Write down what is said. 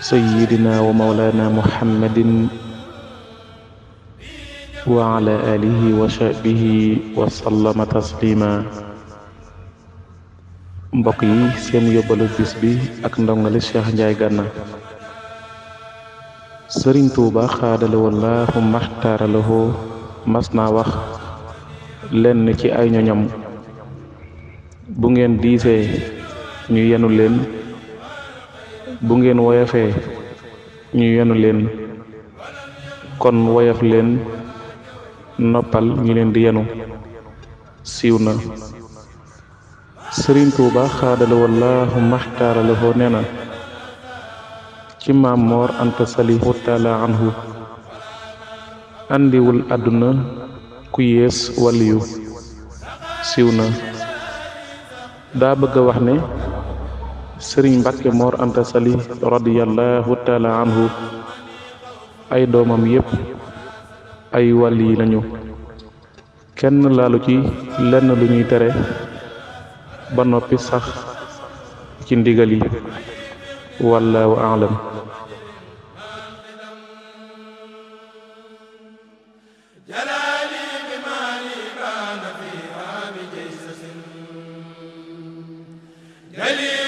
sayyidina wa mawlana muhammadin wa ala wa sahbihi wa sallama taslima mbokk yi seen yóbbalu bis bi ak ndongale Cheikh Ndiaye Gana sëriñ tuuba xaadale wallaahu maxtaaralahoo mas naa wax lenn ci ay ñoñam bu ngeen diisee ñu yenu leen bu ngeen woyofee ñu yenu leen kon woyof leen noppal ñu leen di yenu siiw na sëriñ tuuba xaadala wallaahu maxtaara la foo nee na ci maam moor anta sali taala anhu àdduna ku yées wàlliyu siiw na daa bëgg a wax ne sëriñ Mbàkke Moor Anta Sali radiyallahu taala anhu ay doomam yépp ay wàll yi lañu kenn laalu ci lenn lu ñuy tere ba noppi sax ci ndigal yi wallaahu aalam Jalali